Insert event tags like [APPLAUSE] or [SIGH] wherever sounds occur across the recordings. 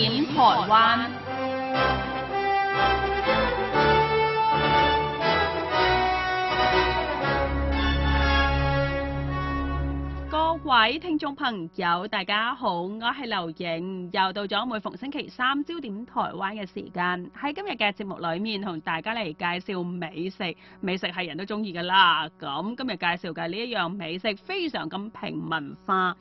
點台灣？各位聽眾朋友，大家好，我係劉影，又到咗每逢星期三焦點台灣嘅時間。喺今日嘅節目裏面，同大家嚟介紹美食。美食係人都中意噶啦，咁今日介紹嘅呢一樣美食，非常咁平民化。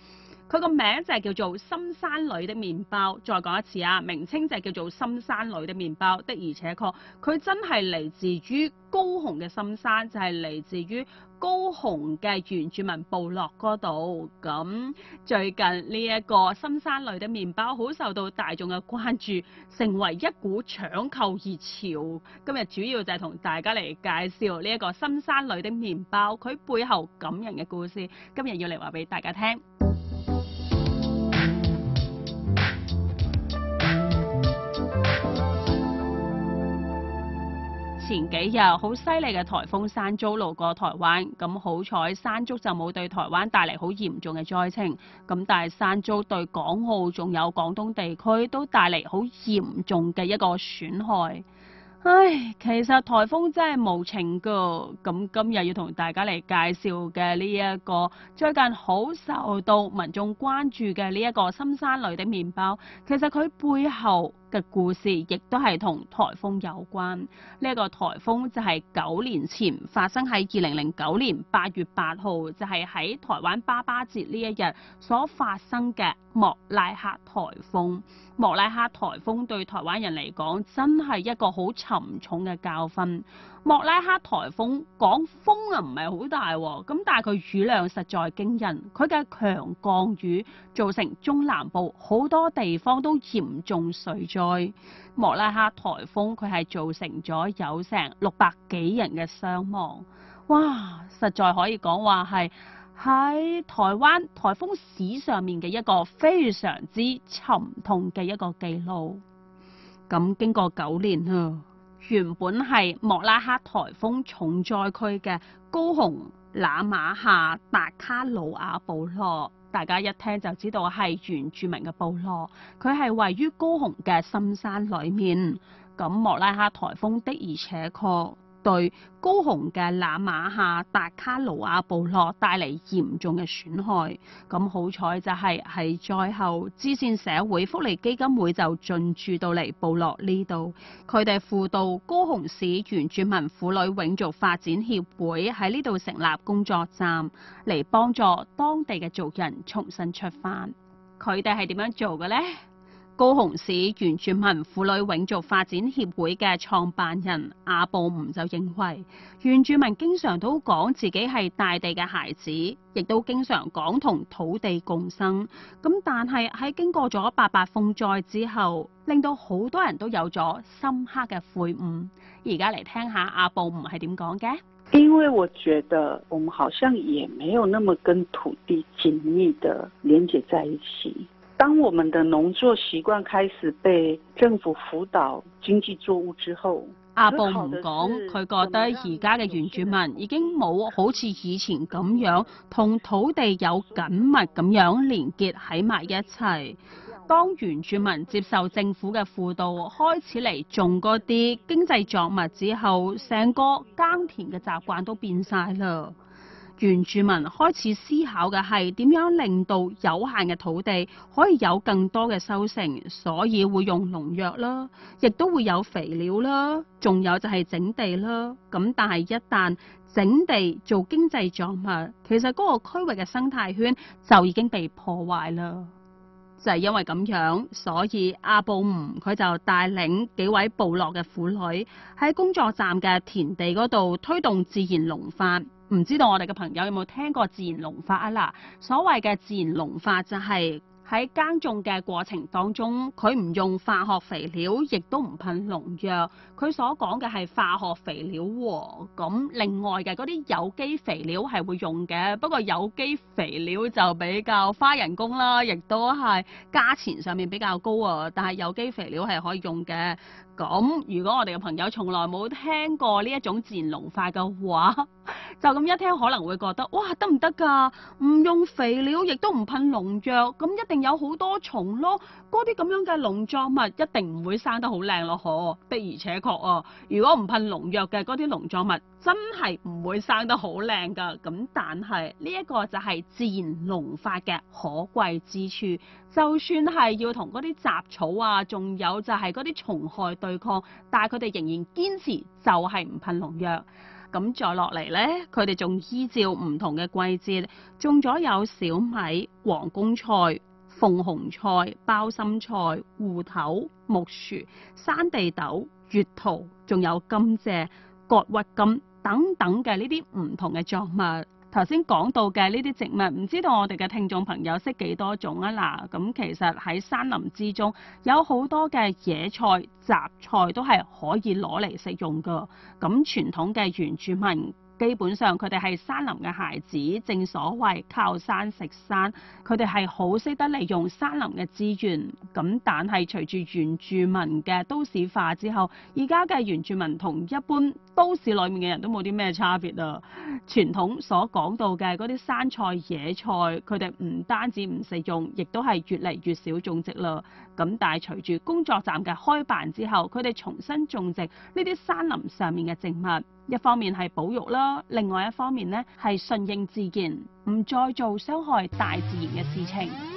佢個名就係叫做深山裡的麵包。再講一次啊，名稱就係叫做深山裡的麵包，的而且確，佢真係嚟自於高雄嘅深山，就係嚟自於高雄嘅原住民部落嗰度。咁最近呢一個深山裡的麵包好受到大眾嘅關注，成為一股搶購熱潮。今日主要就係同大家嚟介紹呢一個深山裡的麵包，佢背後感人嘅故事。今日要嚟話俾大家聽。前幾日好犀利嘅颱風山竹路過台灣，咁好彩山竹就冇對台灣帶嚟好嚴重嘅災情，咁但係山竹對港澳仲有廣東地區都帶嚟好嚴重嘅一個損害。唉，其實颱風真係無情㗎。咁今日要同大家嚟介紹嘅呢一個最近好受到民眾關注嘅呢一個深山裏的麵包，其實佢背後嘅故事亦都係同颱風有關。呢、這、一個颱風就係九年前發生，喺二零零九年八月八號，就係、是、喺台灣爸爸節呢一日所發生嘅。莫拉克台風，莫拉克台風對台灣人嚟講真係一個好沉重嘅教訓。莫拉克台風，講風啊唔係好大，咁但係佢雨量實在驚人，佢嘅強降雨造成中南部好多地方都嚴重水災。莫拉克台風佢係造成咗有成六百幾人嘅傷亡，哇！實在可以講話，係。喺台灣颱風史上面嘅一個非常之沉痛嘅一個記錄。咁經過九年啦，原本係莫拉克颱風重災區嘅高雄那瑪夏達卡努瓦部落，大家一聽就知道係原住民嘅部落。佢係位於高雄嘅深山裏面。咁莫拉克颱風的而且確，對高雄嘅那瑪夏達卡努瓦部落帶嚟嚴重嘅損害，咁好彩就係喺災後，至善社會福利基金會就進駐到嚟部落呢度，佢哋輔導高雄市原住民婦女永續發展協會喺呢度成立工作站，嚟幫助當地嘅族人重新出發。佢哋係點樣做嘅咧？高雄市原住民婦女永續發展協會嘅創辦人阿布吳就認為，原住民經常都講自己係大地嘅孩子，亦都經常講同土地共生。咁但係喺經過咗八八風災之後，令到好多人都有咗深刻嘅悔悟。而家嚟聽下阿布吳係點講嘅？因為我覺得我們好像也沒有那麼跟土地緊密地連接在一起。當我們的農作習慣開始被政府輔導經濟作物之後，阿布唔講，佢覺得而家嘅原住民已經冇好似以前咁樣同土地有緊密咁樣連結喺埋一齊。當原住民接受政府嘅輔導，開始嚟種嗰啲經濟作物之後，成個耕田嘅習慣都變晒啦。原住民開始思考嘅係點樣令到有限嘅土地可以有更多嘅收成，所以會用農藥啦，亦都會有肥料啦，仲有就係整地啦。咁但係一旦整地做經濟作物，其實嗰個區域嘅生態圈就已經被破壞啦。就係因為咁樣，所以阿布吳佢就帶領幾位部落嘅婦女喺工作站嘅田地嗰度推動自然農法。唔知道我哋嘅朋友有冇聽過自然農法啊？嗱，所謂嘅自然農法就係喺耕種嘅過程當中，佢唔用化學肥料，亦都唔噴農藥。佢所講嘅係化學肥料喎，咁另外嘅嗰啲有機肥料係會用嘅。不過有機肥料就比較花人工啦，亦都係價錢上面比較高啊。但係有機肥料係可以用嘅。咁如果我哋嘅朋友從來冇聽過呢一種自然農法嘅話，就咁一聽可能會覺得，哇，得唔得噶？唔用肥料，亦都唔噴農藥，咁一定有好多蟲咯。嗰啲咁樣嘅農作物一定唔會生得好靚咯，呵，的而且確啊！如果唔噴農藥嘅嗰啲農作物真係唔會生得好靚噶。咁但係呢一個就係自然農法嘅可貴之處，就算係要同嗰啲雜草啊，仲有就係嗰啲蟲害對抗，但係佢哋仍然堅持就係唔噴農藥。咁再落嚟咧，佢哋仲依照唔同嘅季節種咗有小米、皇宮菜、鳳紅菜、包心菜、芋頭、木薯、山地豆、月桃，仲有甘蔗、葛鬱金等等嘅呢啲唔同嘅作物。頭先講到嘅呢啲植物，唔知道我哋嘅聽眾朋友識幾多種吖。嗱，咁其實喺山林之中有好多嘅野菜、雜菜都係可以攞嚟食用㗎，咁傳統嘅原住民。基本上佢哋係山林嘅孩子，正所謂靠山食山，佢哋係好識得利用山林嘅資源。咁但係隨住原住民嘅都市化之後，而家嘅原住民同一般都市裏面嘅人都冇啲咩差別啦。傳統所講到嘅嗰啲山菜野菜，佢哋唔單止唔食用，亦都係越嚟越少種植啦。咁但係隨住工作站嘅開辦之後，佢哋重新種植呢啲山林上面嘅植物。一方面係保育啦，另外一方面呢係順應自然，唔再做傷害大自然嘅事情。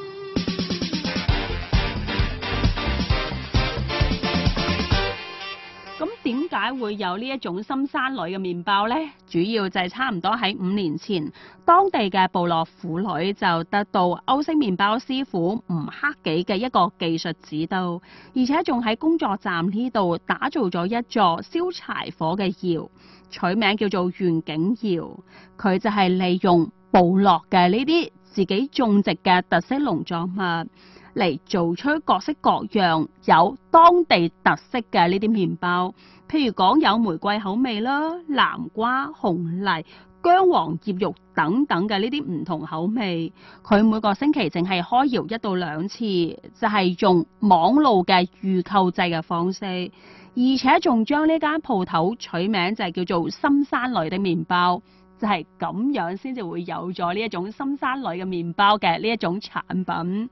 解會有呢一種深山裏嘅麵包呢，主要就係差唔多喺五年前，當地嘅部落婦女就得到歐式麵包師傅吳克己嘅一個技術指導，而且仲喺工作站呢度打造咗一座燒柴火嘅窯，取名叫做願景窯。佢就係利用部落嘅呢啲自己種植嘅特色農作物嚟做出各式各樣有當地特色嘅呢啲麵包。譬如講有玫瑰口味啦、南瓜、紅藜、薑黃醃肉等等嘅呢啲唔同口味，佢每個星期淨係開窯一到兩次，就係、是、用網路嘅預購制嘅方式，而且仲將呢間鋪頭取名就係叫做深山裏的麵包。就係咁樣先至會有咗呢一種深山裡嘅麵包嘅呢一種產品。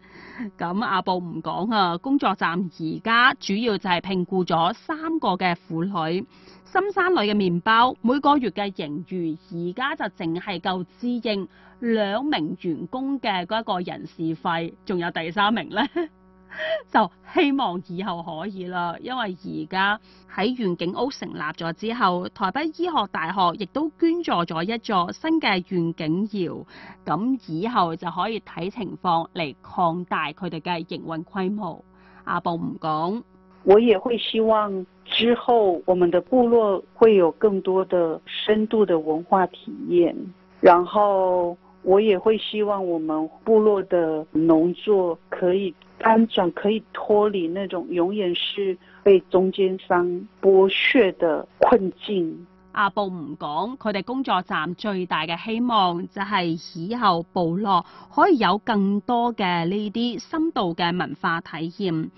咁阿布唔講啊，工作站而家主要就係聘雇咗三個嘅婦女。深山裡嘅麵包每個月嘅盈餘，而家就淨係夠支應兩名員工嘅嗰一個人事費，仲有第三名咧 [LAUGHS] 就。希望以後可以啦，因為而家喺願景屋成立咗之後，台北醫學大學亦都捐助咗一座新嘅願景窯，咁以後就可以睇情況嚟擴大佢哋嘅營運規模。阿布唔講，我也會希望之後我們的部落會有更多的深度的文化體驗，然後我也會希望我們部落的農作可以。翻轉，可以脫離那種永遠是被中間商剝削的困境。阿布唔講，佢哋工作站最大嘅希望就係以後部落可以有更多嘅呢啲深度嘅文化體驗。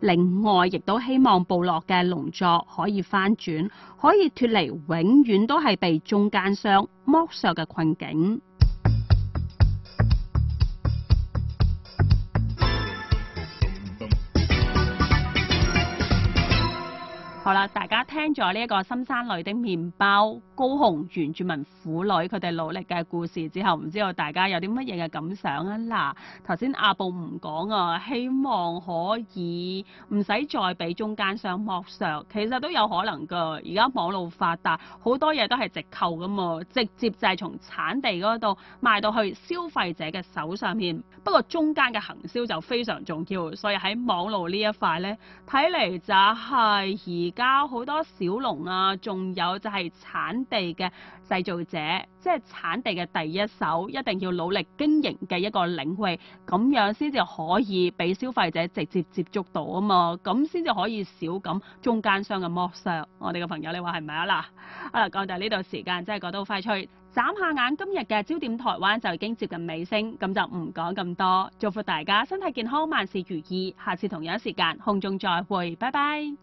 另外，亦都希望部落嘅農作可以翻轉，可以脫離永遠都係被中間商剝削嘅困境。好啦，大家聽咗呢一個深山裏的麵包高雄原住民婦女佢哋努力嘅故事之後，唔知道大家有啲乜嘢嘅感想啊？嗱，頭先阿布唔講啊，希望可以唔使再俾中間商剝削，其實都有可能㗎。而家網絡發達，好多嘢都係直購㗎嘛，直接就係從產地嗰度賣到去消費者嘅手上面。不過中間嘅行銷就非常重要，所以喺網絡呢一塊咧，睇嚟就係而。交好多小農啊，仲有就係產地嘅製造者，即係產地嘅第一手，一定要努力經營嘅一個領域，咁樣先至可以俾消費者直接接觸到啊嘛，咁先至可以少咁中間商嘅剝削。我哋嘅朋友，你話係咪啊？嗱，好喇，講到呢度時間真係講得好快脆，眨下眼今日嘅焦點台灣就已經接近尾聲，咁就唔講咁多，祝福大家身體健康，萬事如意。下次同樣時間空中再會，拜拜。